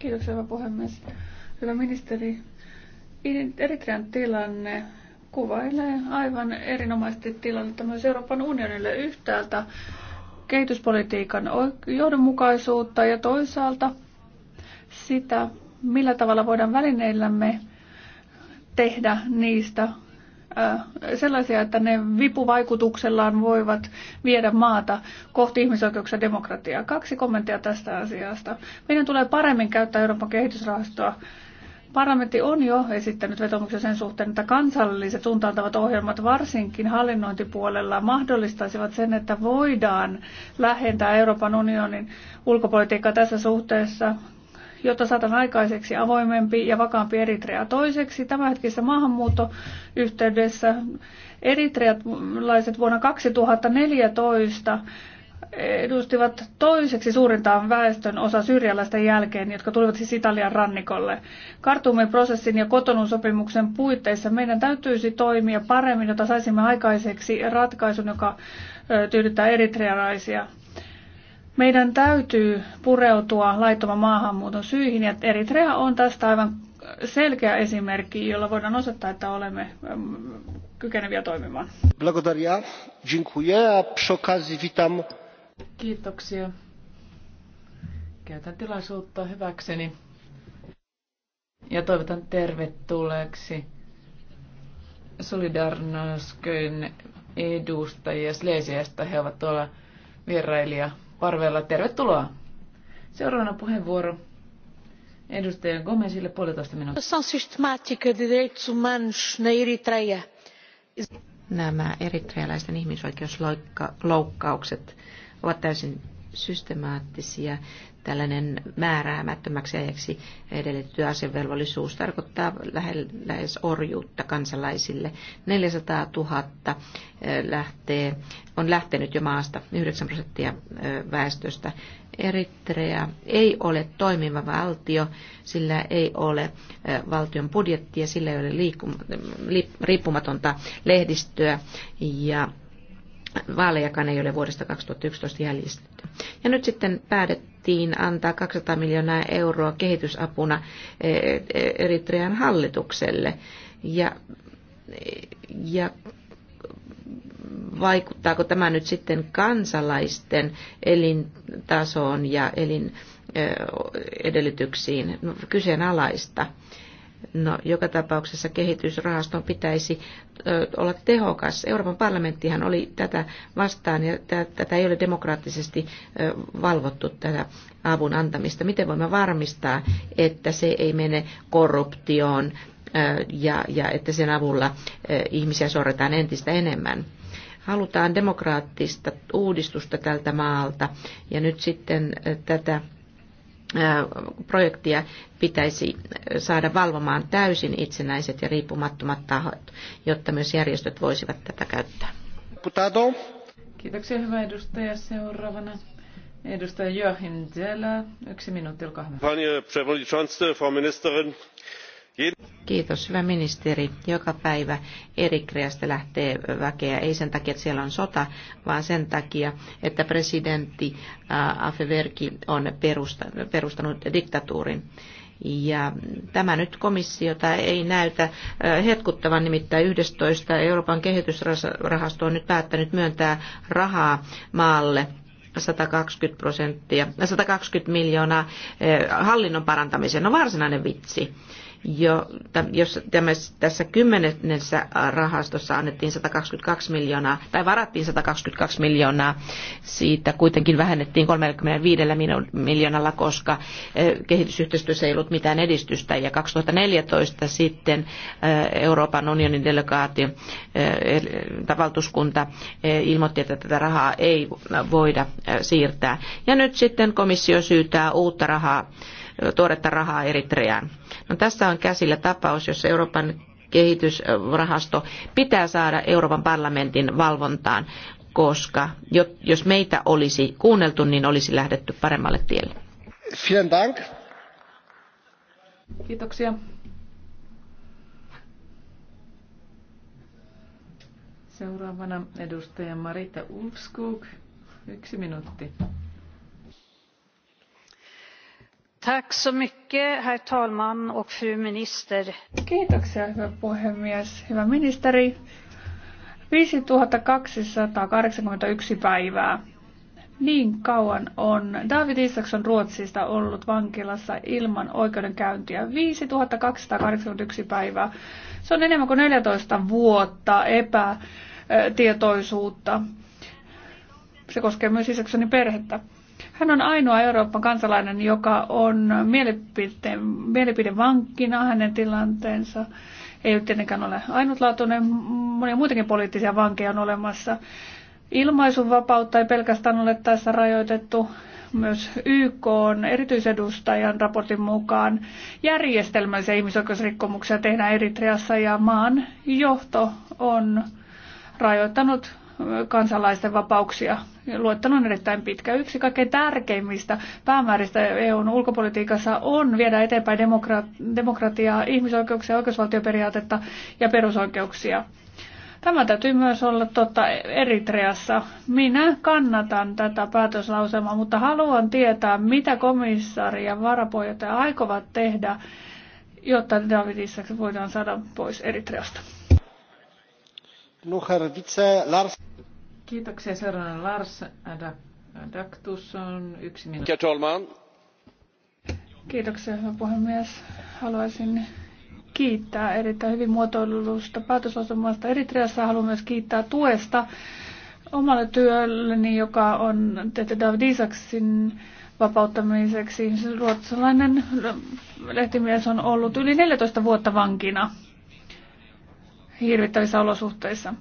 Kiitoksia, hyvä puhemies. Hyvä ministeri, Eritrean tilanne kuvailee aivan erinomaisesti tilannetta myös Euroopan unionille yhtäältä kehityspolitiikan johdonmukaisuutta ja toisaalta sitä, millä tavalla voidaan välineillämme tehdä niistä Äh, sellaisia, että ne vipuvaikutuksellaan voivat viedä maata kohti ihmisoikeuksia demokratiaa. Kaksi kommenttia tästä asiasta. Meidän tulee paremmin käyttää Euroopan kehitysrahastoa Parlamentti on jo esittänyt vetomuksen sen suhteen, että kansalliset suuntaantavat ohjelmat varsinkin hallinnointipuolella mahdollistaisivat sen, että voidaan lähentää Euroopan unionin ulkopolitiikkaa tässä suhteessa jotta saataisiin aikaiseksi avoimempi ja vakaampi Eritrea. Toiseksi tämänhetkisessä maahanmuuttoyhteydessä eritrealaiset vuonna 2014 edustivat toiseksi suurintaan väestön osa syrjäläisten jälkeen, jotka tulivat siis Italian rannikolle. Kartumin prosessin ja kotonun sopimuksen puitteissa meidän täytyisi toimia paremmin, jotta saisimme aikaiseksi ratkaisun, joka tyydyttää eritrealaisia. Meidän täytyy pureutua laittoman maahanmuuton syihin ja Eritrea on tästä aivan selkeä esimerkki, jolla voidaan osoittaa, että olemme ähm, kykeneviä toimimaan. Благодаря. Dziękuję. A przy okazji witam. Kiitoksia. Käytän tilaisuutta hyväkseni ja toivotan tervetulleeksi Solidarnoskön edustajia Slesiasta. He ovat tuolla vierailija Parvella. Tervetuloa. Seuraavana puheenvuoro edustaja Gomezille puolitoista minuuttia. Nämä eritrealaisten ihmisoikeusloukkaukset ovat täysin systemaattisia tällainen määräämättömäksi ajaksi edellytetty asevelvollisuus tarkoittaa lähes orjuutta kansalaisille. 400 000 lähtee, on lähtenyt jo maasta, 9 prosenttia väestöstä. Eritrea ei ole toimiva valtio, sillä ei ole valtion budjettia, sillä ei ole liikkum- riippumatonta lehdistöä ja vaalejakaan ei ole vuodesta 2011 jäljistetty. Ja nyt sitten päätettiin antaa 200 miljoonaa euroa kehitysapuna eh, eh, Eritrean hallitukselle. Ja, eh, ja vaikuttaako tämä nyt sitten kansalaisten elintasoon ja elinedellytyksiin? No, kyseenalaista. No, joka tapauksessa kehitysrahaston pitäisi olla tehokas. Euroopan parlamenttihan oli tätä vastaan ja tätä ei ole demokraattisesti valvottu tätä avun antamista. Miten voimme varmistaa, että se ei mene korruptioon ja, ja että sen avulla ihmisiä sorretaan entistä enemmän? Halutaan demokraattista uudistusta tältä maalta ja nyt sitten tätä projektia pitäisi saada valvomaan täysin itsenäiset ja riippumattomat tahot, jotta myös järjestöt voisivat tätä käyttää. Putado. Kiitoksia hyvä edustaja. Seuraavana edustaja Joachim Zeller. Yksi minuutti, olkaa hyvä. Panie przewodniczący, Frau Ministerin. Kiitos, hyvä ministeri. Joka päivä Eritreasta lähtee väkeä, ei sen takia, että siellä on sota, vaan sen takia, että presidentti Afeverki on perustanut diktatuurin. Ja tämä nyt komissiota ei näytä hetkuttavan, nimittäin 11. Euroopan kehitysrahasto on nyt päättänyt myöntää rahaa maalle 120, prosenttia, 120 miljoonaa hallinnon parantamiseen. No varsinainen vitsi jo, jos tässä kymmenessä rahastossa annettiin 122 miljoonaa, tai varattiin 122 miljoonaa, siitä kuitenkin vähennettiin 35 miljoonalla, koska kehitysyhteistyössä ei ollut mitään edistystä. Ja 2014 sitten Euroopan unionin delegaatio, valtuuskunta ilmoitti, että tätä rahaa ei voida siirtää. Ja nyt sitten komissio syytää uutta rahaa tuoretta rahaa Eritreään. No, tässä on käsillä tapaus, jossa Euroopan kehitysrahasto pitää saada Euroopan parlamentin valvontaan, koska jos meitä olisi kuunneltu, niin olisi lähdetty paremmalle tielle. Vielen Dank. Kiitoksia. Seuraavana edustaja Marita Ulfskog. Yksi minuutti. Tack så mycket, herr talman och fru minister. Kiitoksia, hyvä puhemies. Hyvä ministeri. 5281 päivää. Niin kauan on David Isaksson Ruotsista ollut vankilassa ilman oikeudenkäyntiä. 5281 päivää. Se on enemmän kuin 14 vuotta epätietoisuutta. Se koskee myös Isaksonin perhettä. Hän on ainoa Euroopan kansalainen, joka on mielipiteen, mielipidevankkina hänen tilanteensa. Ei ole tietenkään ole ainutlaatuinen, monia muitakin poliittisia vankeja on olemassa. Ilmaisunvapautta ei pelkästään ole tässä rajoitettu, myös YK on erityisedustajan raportin mukaan järjestelmällisiä ihmisoikeusrikkomuksia tehdään Eritreassa ja maan johto on rajoittanut kansalaisten vapauksia. Luettelo on erittäin pitkä. Yksi kaikkein tärkeimmistä päämääristä EUn ulkopolitiikassa on viedä eteenpäin demokratiaa, ihmisoikeuksia, oikeusvaltioperiaatetta ja perusoikeuksia. Tämä täytyy myös olla totta Eritreassa. Minä kannatan tätä päätöslauselmaa, mutta haluan tietää, mitä komissaari ja varapuheenjohtaja aikovat tehdä, jotta Davidissa voidaan saada pois Eritreasta. Nuher no, Lars. Kiitoksia. Seuraavana Lars Adaktus on yksi minuutti. Kiitoksia, hyvä puhemies. Haluaisin kiittää erittäin hyvin muotoilusta päätöslausumasta Eritreassa. Haluan myös kiittää tuesta omalle työlleni, joka on tehty David Isaksin vapauttamiseksi. Ruotsalainen lehtimies on ollut yli 14 vuotta vankina hirvittävissä olosuhteissa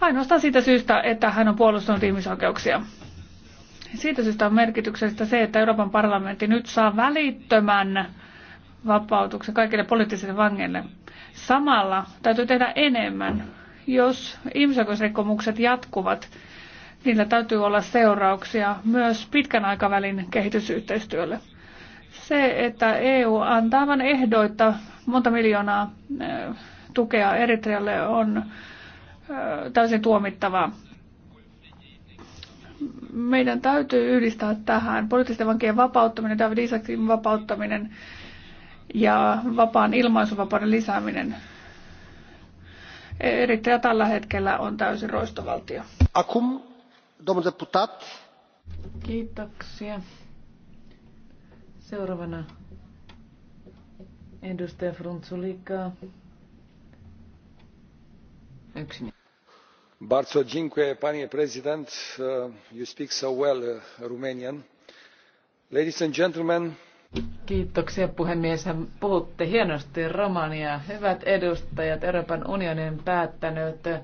ainoastaan siitä syystä, että hän on puolustanut ihmisoikeuksia. Siitä syystä on merkityksestä se, että Euroopan parlamentti nyt saa välittömän vapautuksen kaikille poliittisille vangeille. Samalla täytyy tehdä enemmän. Jos ihmisoikeusrikkomukset jatkuvat, niillä täytyy olla seurauksia myös pitkän aikavälin kehitysyhteistyölle. Se, että EU antaa vain ehdoitta monta miljoonaa eh, tukea Eritrealle on täysin tuomittavaa. Meidän täytyy yhdistää tähän poliittisten vankien vapauttaminen, David Isaacin vapauttaminen ja vapaan ilmaisuvapauden lisääminen. Eritrea tällä hetkellä on täysin roistovaltio. Akum, deputat. Kiitoksia. Seuraavana edustaja Frunzulika. Yksi mr president e, you speak so well e, romanian. ladies and gentlemen Kiitoksia puhemies. Puhutte hienosti romaniaa. Hyvät edustajat, Euroopan unioni on päättänyt e,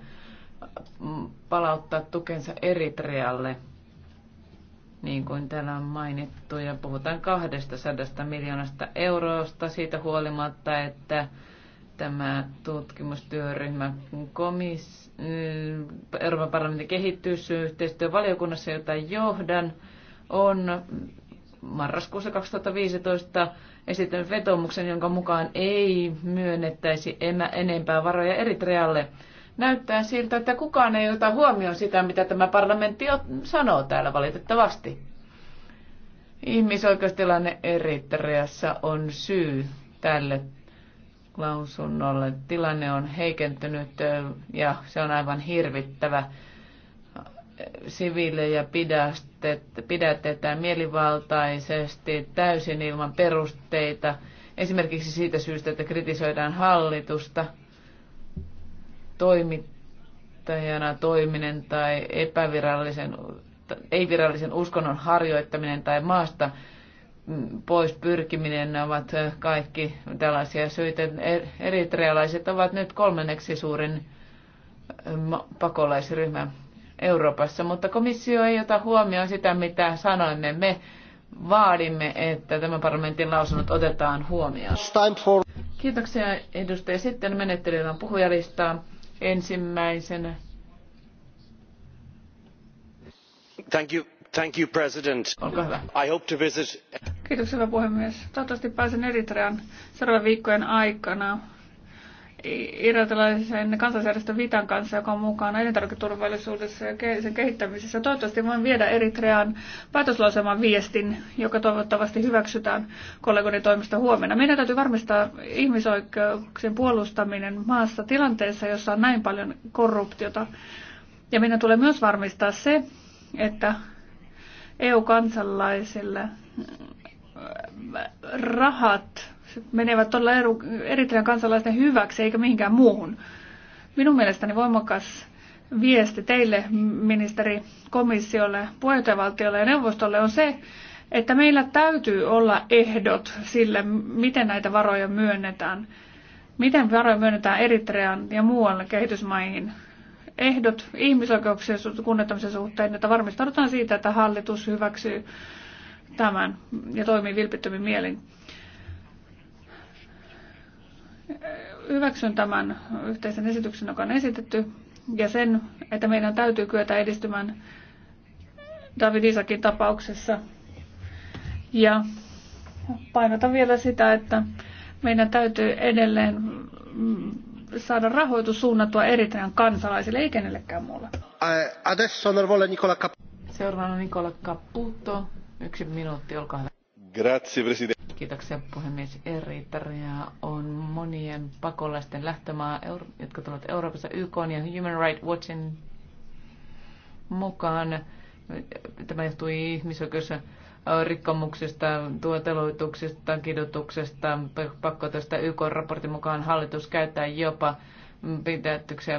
palauttaa tukensa Eritrealle, niin kuin täällä on mainittu. Ja puhutaan 200 miljoonasta eurosta siitä huolimatta, että tämä tutkimustyöryhmä komis, mm, Euroopan parlamentin kehitysyhteistyövaliokunnassa, jota johdan, on marraskuussa 2015 esittänyt vetomuksen, jonka mukaan ei myönnettäisi enempää varoja Eritrealle. Näyttää siltä, että kukaan ei ota huomioon sitä, mitä tämä parlamentti sanoo täällä valitettavasti. Ihmisoikeustilanne Eritreassa on syy tälle lausunnolle. Tilanne on heikentynyt ja se on aivan hirvittävä. Siviilejä pidätetään mielivaltaisesti täysin ilman perusteita. Esimerkiksi siitä syystä, että kritisoidaan hallitusta toimittajana toiminen tai epävirallisen ei-virallisen uskonnon harjoittaminen tai maasta pois pyrkiminen ovat kaikki tällaisia syitä. E- eritrealaiset ovat nyt kolmanneksi suurin pakolaisryhmä Euroopassa, mutta komissio ei ota huomioon sitä, mitä sanoimme. Me vaadimme, että tämän parlamentin lausunnot otetaan huomioon. Kiitoksia edustaja. Sitten on puhujalistaa ensimmäisenä. Thank you arvoisa puhemies. Toivottavasti pääsen Eritrean seuraavien viikkojen aikana irlantilaisen kansallisjärjestön Vitan kanssa, joka on mukana elintarviketurvallisuudessa ja sen kehittämisessä. Toivottavasti voin viedä Eritrean päätöslauselman viestin, joka toivottavasti hyväksytään kollegoiden toimesta huomenna. Meidän täytyy varmistaa ihmisoikeuksien puolustaminen maassa tilanteessa, jossa on näin paljon korruptiota. Ja meidän tulee myös varmistaa se, että EU-kansalaisille rahat menevät todella Eritrean kansalaisten hyväksi eikä mihinkään muuhun. Minun mielestäni voimakas viesti teille, ministeri, komissiolle, puheenjohtajavaltiolle ja neuvostolle on se, että meillä täytyy olla ehdot sille, miten näitä varoja myönnetään. Miten varoja myönnetään Eritrean ja muualle kehitysmaihin ehdot ihmisoikeuksien kunnioittamisen suhteen, että varmistaudutaan siitä, että hallitus hyväksyy tämän ja toimii vilpittömin mielin. Hyväksyn tämän yhteisen esityksen, joka on esitetty, ja sen, että meidän täytyy kyetä edistymään David Isakin tapauksessa. Ja painotan vielä sitä, että meidän täytyy edelleen saada rahoitus suunnattua Eritrean kansalaisille, ei kenellekään muulle. Adesso onorevole Nicola Caputo. Seuraavana Nicola Caputo. Yksi minuutti, olkaa hyvä. Grazie, presidente. Kiitoksia puhemies. Eritrea on monien pakolaisten lähtömaa, jotka tulevat Euroopassa YK ja Human Rights Watchin mukaan. Tämä johtui ihmisoikeus rikkomuksista, tuoteloituksista, kidutuksesta, tästä YK-raportin mukaan hallitus käyttää jopa pitäytyksiä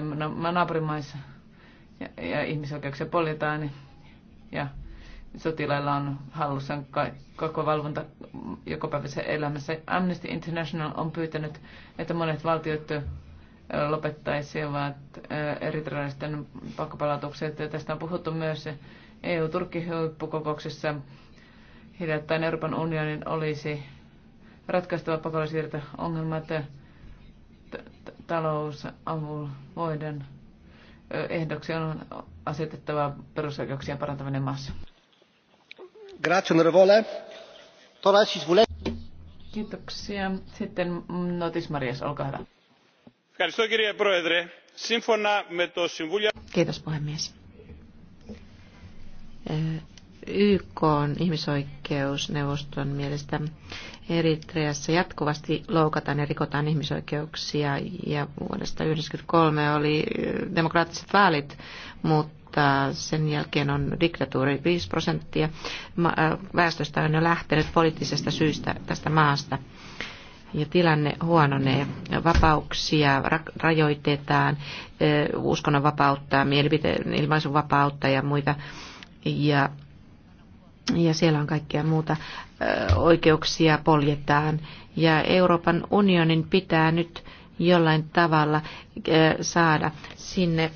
naapurimaissa ja, ja ihmisoikeuksia poljetaan ja sotilailla on hallussaan koko valvonta jokapäiväisessä elämässä. Amnesty International on pyytänyt, että monet valtiot lopettaisivat eritrealaisten pakkopalautukset. Tästä on puhuttu myös EU-Turkki-huippukokouksessa Hiljattain Euroopan unionin olisi ratkaistava pakolaisiirto ongelmat talousavun voiden ehdoksi on asetettava perusoikeuksien parantaminen maassa. Kiitoksia. Sitten Notis Marias, olkaa hyvä. Kiitos puhemies. YK on ihmisoikeusneuvoston mielestä Eritreassa jatkuvasti loukataan ja rikotaan ihmisoikeuksia ja vuodesta 1993 oli demokraattiset vaalit, mutta sen jälkeen on diktatuuri 5 prosenttia. Väestöstä on jo lähtenyt poliittisesta syystä tästä maasta ja tilanne huononee. Vapauksia rajoitetaan, uskonnonvapautta, mielipiteen ilmaisunvapautta ja muita. Ja ja siellä on kaikkea muuta oikeuksia poljetaan. Ja Euroopan unionin pitää nyt jollain tavalla saada sinne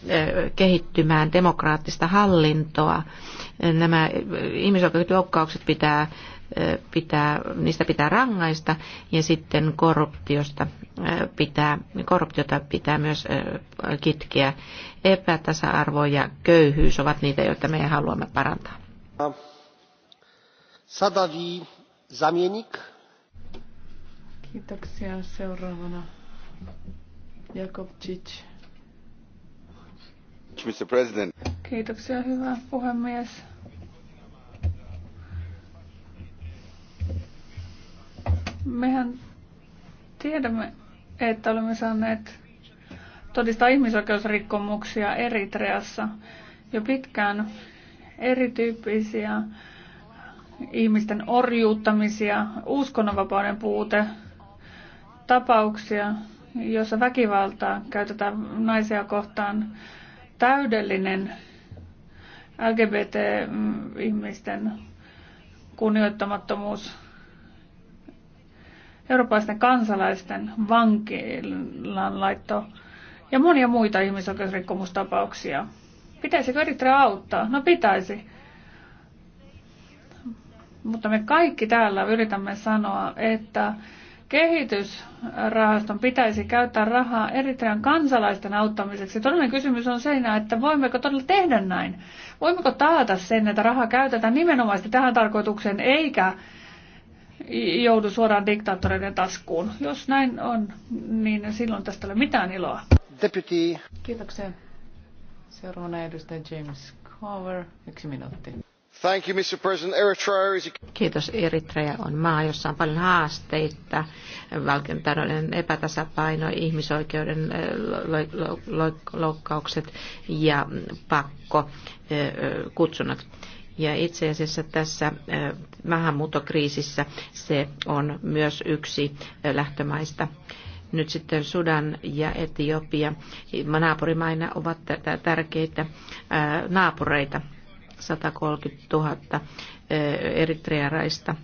kehittymään demokraattista hallintoa. Nämä ihmisoikeusloukkaukset pitää, pitää, niistä pitää rangaista ja sitten korruptiosta pitää, korruptiota pitää myös kitkeä. Epätasa-arvo ja köyhyys ovat niitä, joita me haluamme parantaa. Ähm. Sadavi Zamienik. Kiitoksia. Seuraavana Jakobčić. Mr. President. Kiitoksia, hyvä puhemies. Mehän tiedämme, että olemme saaneet todistaa ihmisoikeusrikkomuksia Eritreassa jo pitkään erityyppisiä ihmisten orjuuttamisia, uskonnonvapauden puute, tapauksia, joissa väkivaltaa käytetään naisia kohtaan, täydellinen LGBT-ihmisten kunnioittamattomuus, eurooppalaisten kansalaisten vankilan laitto ja monia muita ihmisoikeusrikkomustapauksia. Pitäisikö Eritrea auttaa? No pitäisi. Mutta me kaikki täällä yritämme sanoa, että kehitysrahaston pitäisi käyttää rahaa Eritrean kansalaisten auttamiseksi. Todellinen kysymys on siinä, että voimmeko todella tehdä näin? Voimmeko taata sen, että rahaa käytetään nimenomaan tähän tarkoitukseen, eikä joudu suoraan diktaattoreiden taskuun? Jos näin on, niin silloin tästä ei ole mitään iloa. Deputy. Kiitoksia. Seuraavana edustaja James Cover, yksi minuutti. Kiitos eritrea on maa jossa on paljon haasteita valtiontalouden epätasapaino ihmisoikeuden loukkaukset ja pakkokutsunnat. Ja itse asiassa tässä maahanmuuttokriisissä se on myös yksi lähtömaista nyt sitten Sudan ja Etiopia naapurimaina ovat tärkeitä naapureita 130 000 eritrearaista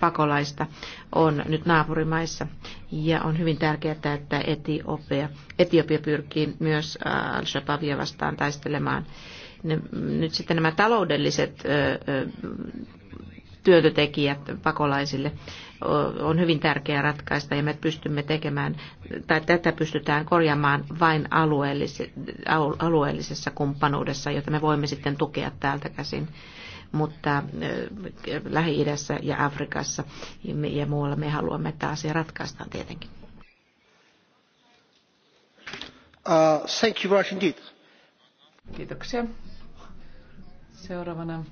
pakolaista on nyt naapurimaissa. Ja on hyvin tärkeää, että Etiopia, Etiopia pyrkii myös eh, Al-Shabaabia vastaan taistelemaan. Nyt sitten nämä taloudelliset eh, eh, työtötekijät pakolaisille on hyvin tärkeää ratkaista ja me pystymme tekemään, tai tätä pystytään korjaamaan vain alueellisessa kumppanuudessa, jota me voimme sitten tukea täältä käsin mutta Lähi-idässä ja Afrikassa ja muualla me haluamme, että asia ratkaistaan tietenkin. Uh, thank you very much indeed. Kiitoksia. Seuraavana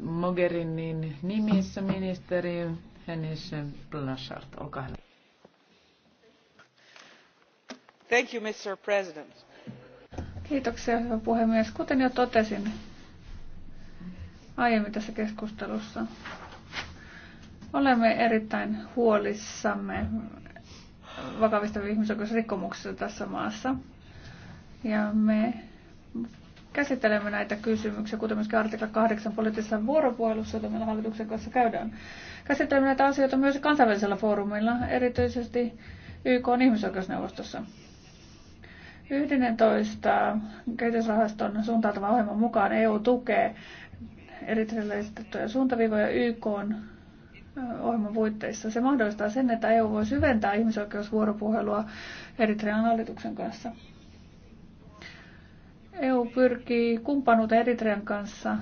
Mogherinin nimissä ministeri Hennis Blanchard. Olkaa hyvä. Thank you, Mr. President. Kiitoksia, hyvä puhemies. Kuten jo totesin aiemmin tässä keskustelussa, olemme erittäin huolissamme vakavista ihmisoikeusrikkomuksista tässä maassa. Ja me käsittelemme näitä kysymyksiä, kuten myöskin artikla 8 poliittisessa vuoropuhelussa, jota meillä hallituksen kanssa käydään. Käsittelemme näitä asioita myös kansainvälisellä foorumilla, erityisesti YK on ihmisoikeusneuvostossa. 11 kehitysrahaston suuntautuvan ohjelman mukaan EU tukee erityisellä esitettyjä suuntaviivoja YK on ohjelman puitteissa. Se mahdollistaa sen, että EU voi syventää ihmisoikeusvuoropuhelua Eritrean hallituksen kanssa. EU pyrkii kumppanuuteen Eritrean kanssa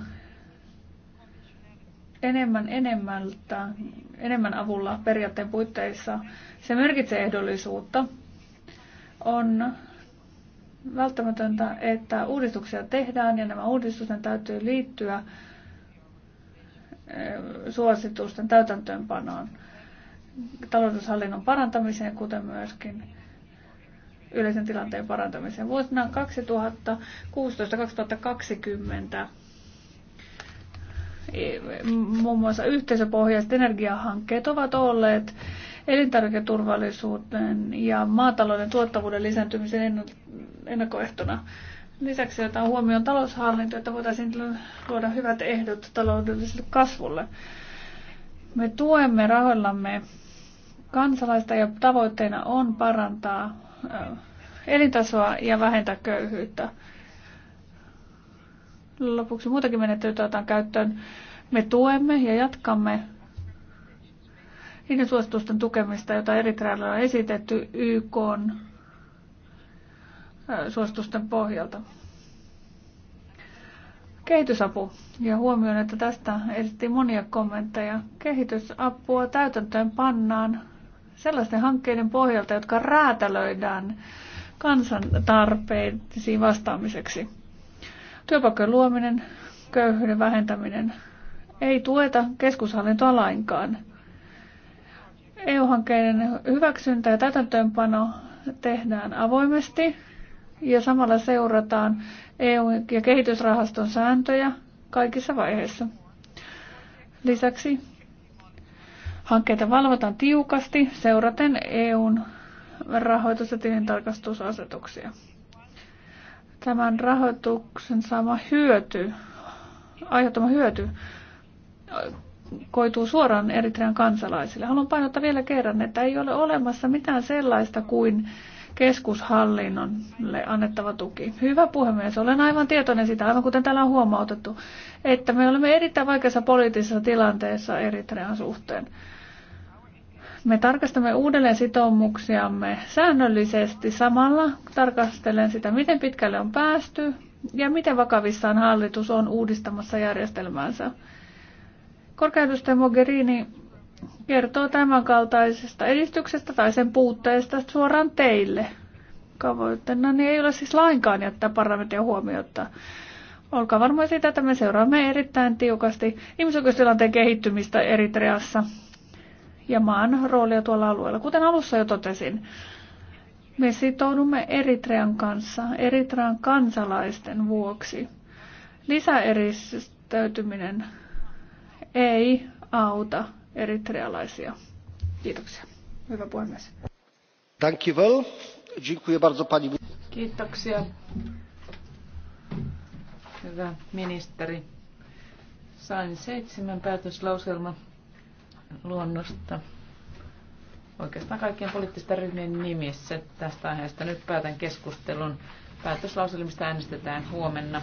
enemmän enemmältä, enemmän avulla periaatteen puitteissa. Se merkitsee ehdollisuutta. On välttämätöntä, että uudistuksia tehdään ja nämä uudistusten täytyy liittyä eh, suositusten täytäntöönpanoon, taloudushallinnon parantamiseen, kuten myöskin yleisen tilanteen parantamiseen. Vuosina 2016-2020 e, muun muassa yhteisöpohjaiset energiahankkeet ovat olleet elintarviketurvallisuuden ja maatalouden tuottavuuden lisääntymisen ennakkoehtona. Lisäksi otetaan huomioon taloushallinto, että voitaisiin luoda hyvät ehdot taloudelliselle kasvulle. Me tuemme rahoillamme kansalaista ja tavoitteena on parantaa elintasoa ja vähentää köyhyyttä. Lopuksi muutakin menettelyitä otetaan käyttöön. Me tuemme ja jatkamme niiden suositusten tukemista, jota Eritrealle on esitetty YK suositusten pohjalta. Kehitysapu. Ja huomioon, että tästä esitettiin monia kommentteja. Kehitysapua täytäntöön pannaan sellaisten hankkeiden pohjalta, jotka räätälöidään kansan tarpeisiin vastaamiseksi. Työpaikkojen luominen, köyhyyden vähentäminen ei tueta keskushallintoa lainkaan. EU-hankkeiden hyväksyntä ja täytäntöönpano tehdään avoimesti ja samalla seurataan EU- ja kehitysrahaston sääntöjä kaikissa vaiheissa. Lisäksi Hankkeita valvotaan tiukasti seuraten EUn rahoitus- ja tilintarkastusasetuksia. Tämän rahoituksen saama hyöty, aiheuttama hyöty koituu suoraan Eritrean kansalaisille. Haluan painottaa vielä kerran, että ei ole olemassa mitään sellaista kuin keskushallinnolle annettava tuki. Hyvä puhemies, olen aivan tietoinen sitä, aivan kuten täällä on huomautettu, että me olemme erittäin vaikeassa poliittisessa tilanteessa Eritrean suhteen. Me tarkastamme uudelleen sitoumuksiamme säännöllisesti samalla tarkastelen sitä, miten pitkälle on päästy ja miten vakavissaan hallitus on uudistamassa järjestelmäänsä. Korkeudusten Mogherini kertoo tämänkaltaisesta edistyksestä tai sen puutteesta suoraan teille. Kavoitteena niin ei ole siis lainkaan jättää parlamentin huomiota. Olkaa varmoja siitä, että me seuraamme erittäin tiukasti ihmisoikeustilanteen kehittymistä Eritreassa ja maan roolia tuolla alueella. Kuten alussa jo totesin, me sitoudumme Eritrean kanssa, Eritrean kansalaisten vuoksi. Lisäeristäytyminen ei auta eritrealaisia. Kiitoksia. Hyvä puhemies. Thank you well. bardzo pani. Kiitoksia. Hyvä ministeri. Sain seitsemän päätöslauselma luonnosta oikeastaan kaikkien poliittisten ryhmien nimissä tästä aiheesta. Nyt päätän keskustelun. Päätöslauselmista äänestetään huomenna.